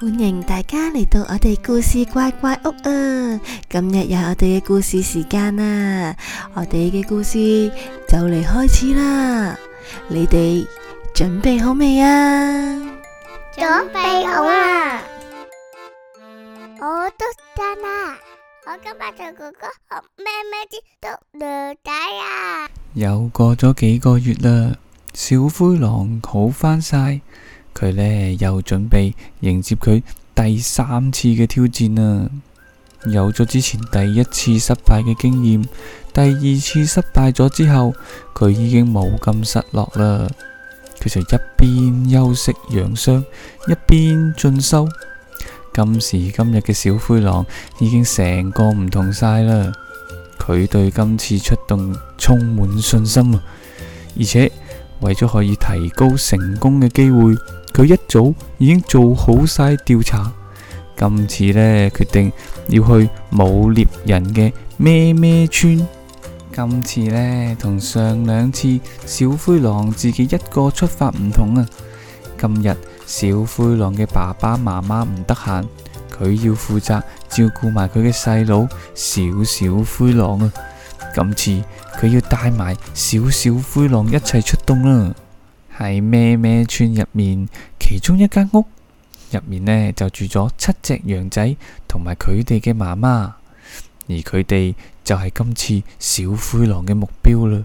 歡迎大家嚟到我哋故事乖乖屋啊！今日有我哋嘅故事時間啊！我哋嘅故事就嚟開始啦！你哋準備好未啊？準備好啦！我都得啦！我今日同哥哥學咩咩之都了解啊！又過咗幾個月啦，小灰狼好翻晒。佢呢又準備迎接佢第三次嘅挑戰啊！有咗之前第一次失敗嘅經驗，第二次失敗咗之後，佢已經冇咁失落啦。佢就一邊休息養傷，一邊進修。今時今日嘅小灰狼已經成個唔同晒啦。佢對今次出動充滿信心啊！而且為咗可以提高成功嘅機會。佢一早已經做好晒調查，今次呢，決定要去冇獵人嘅咩咩村。今次呢，同上兩次小灰狼自己一個出發唔同啊！今日小灰狼嘅爸爸媽媽唔得閒，佢要負責照顧埋佢嘅細佬小小灰狼啊！今次佢要帶埋小小灰狼一齊出動啦。喺咩咩村入面，其中一間屋入面呢，就住咗七隻羊仔同埋佢哋嘅媽媽，而佢哋就係今次小灰狼嘅目標啦。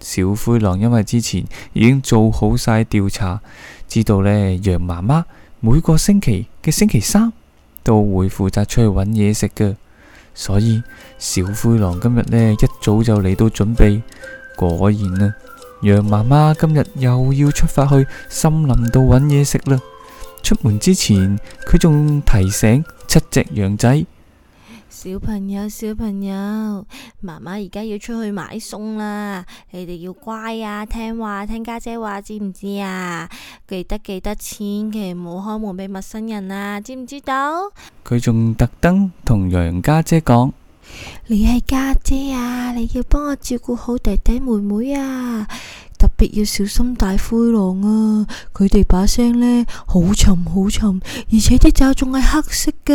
小灰狼因為之前已經做好晒調查，知道呢羊媽媽每個星期嘅星期三都會負責出去搵嘢食嘅，所以小灰狼今日呢一早就嚟到準備，果然啊！羊媽媽今日又要出發去森林度揾嘢食啦！出門之前，佢仲提醒七隻羊仔：，小朋友，小朋友，媽媽而家要出去買餸啦，你哋要乖啊，聽話啊，聽家姐話，知唔知啊？記得記得錢，千祈唔好開門俾陌生人啊，知唔知道？佢仲特登同羊家姐講。你係家姐啊！你要幫我照顧好弟弟妹妹啊，特別要小心大灰狼啊。佢哋把聲呢，好沉好沉，而且啲爪仲係黑色噶。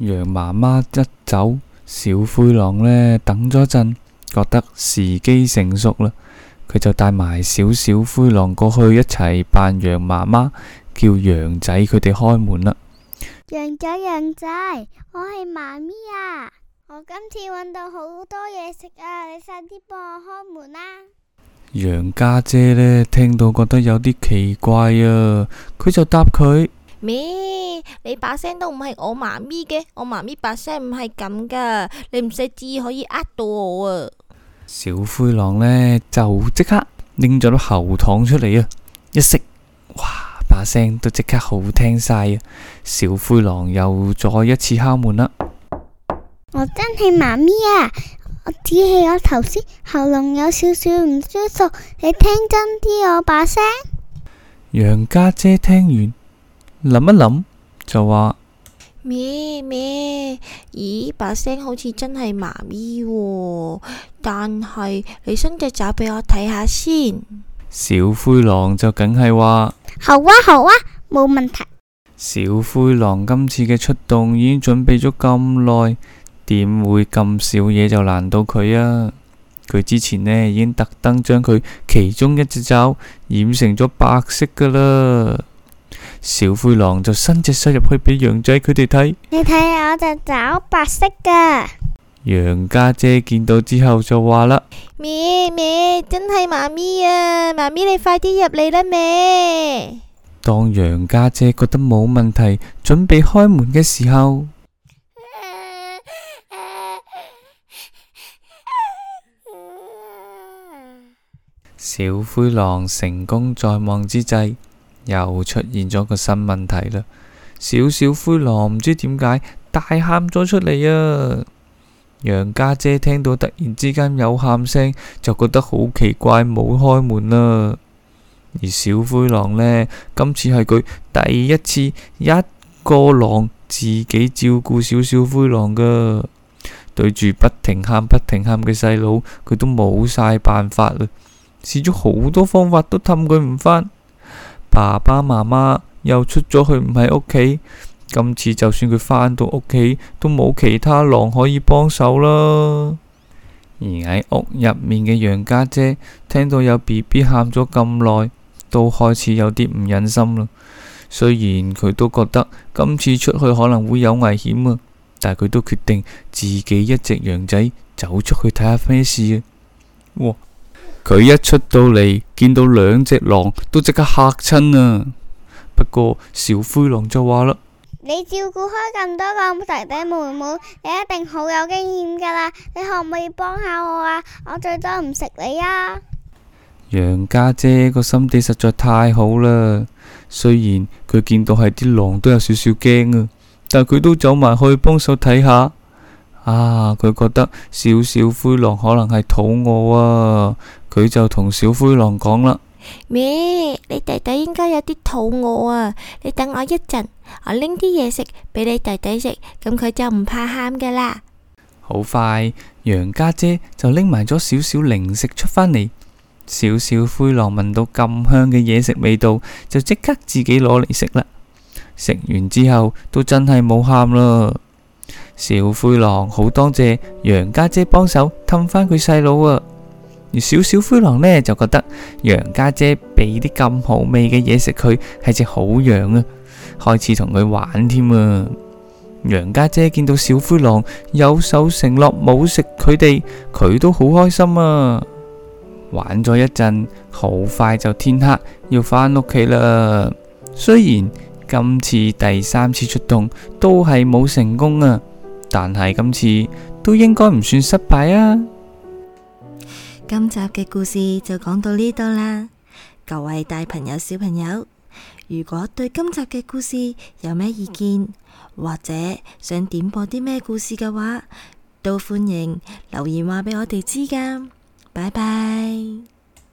羊媽媽一走，小灰狼呢，等咗一陣，覺得時機成熟啦，佢就帶埋小小灰狼過去一齊扮羊媽媽，叫羊仔佢哋開門啦。羊仔，羊仔，我係媽咪啊！我今次搵到好多嘢食啊！你快啲幫我開門啦啊。楊家姐姐呢，聽到覺得有啲奇怪啊，佢就答佢：咩？你把聲都唔係我媽咪嘅，我媽咪把聲唔係咁噶，你唔使字可以呃到我啊。小灰狼呢，就即刻拎咗粒喉糖出嚟啊，一食哇把聲都即刻好聽晒啊。小灰狼又再一次敲門啦。我真係媽咪啊！我只係我頭先喉嚨有少少唔舒服，你聽真啲我把聲。楊家姐聽完諗一諗就話：咩咩？咦，把聲好似真係媽咪啊，但係你伸隻爪俾我睇下先。小灰狼就梗係話：好啊，好啊，冇問題。小灰狼今次嘅出動已經準備咗咁耐。點會咁少嘢就難到佢啊？佢之前呢已經特登將佢其中一隻爪染成咗白色噶啦。小灰狼就伸隻手入去俾羊仔佢哋睇。你睇下我隻爪白色噶。楊家姐見到之後就話啦：咩咩真係媽咪啊，媽咪你快啲入嚟啦，咩。當楊家姐覺得冇問題，準備開門嘅時候。小灰狼成功在望之際，又出現咗個新問題啦。小小灰狼唔知點解大喊咗出嚟啊！羊家姐聽到突然之間有喊聲，就覺得好奇怪，冇開門啦。而小灰狼呢，今次係佢第一次一個狼自己照顧小小灰狼噶，對住不停喊不停喊嘅細佬，佢都冇晒辦法啦。試咗好多方法都氹佢唔返。爸爸媽媽又出咗去唔喺屋企，今次就算佢返到屋企，都冇其他狼可以幫手啦。而喺屋入面嘅楊家姐聽到有 BB 喊咗咁耐，都開始有啲唔忍心啦。雖然佢都覺得今次出去可能會有危險啊，但係佢都決定自己一隻羊仔走出去睇下咩事佢一出到嚟，見到兩隻狼，都即刻吓親啊！不過小灰狼就話啦：你照顧開咁多個弟弟妹妹，你一定好有經驗噶啦！你可唔可以幫下我啊？我最多唔食你啊！楊家姐個心地實在太好啦，雖然佢見到係啲狼都有少少驚啊，但佢都走埋去幫手睇下。啊！佢覺得小小灰狼可能係肚餓啊，佢就同小灰狼講啦：咩？你弟弟應該有啲肚餓啊，你等我一陣，我拎啲嘢食俾你弟弟食，咁佢就唔怕喊噶啦。好快，楊家姐就拎埋咗少少零食出返嚟，小小灰狼聞到咁香嘅嘢食味道，就即刻自己攞嚟食啦。食完之後，都真係冇喊啦。小灰狼好多謝楊家姐幫手氹返佢細佬啊，而小小灰狼呢就覺得楊家姐俾啲咁好味嘅嘢食佢，係隻好羊啊，開始同佢玩添啊。楊家姐見到小灰狼有守承諾冇食佢哋，佢都好開心啊。玩咗一陣，好快就天黑，要返屋企啦。雖然今次第三次出動都係冇成功啊。但係今次都應該唔算失敗啊！今集嘅故事就講到呢度啦，各位大朋友、小朋友，如果對今集嘅故事有咩意見，或者想點播啲咩故事嘅話，都歡迎留言話畀我哋知㗎，拜拜。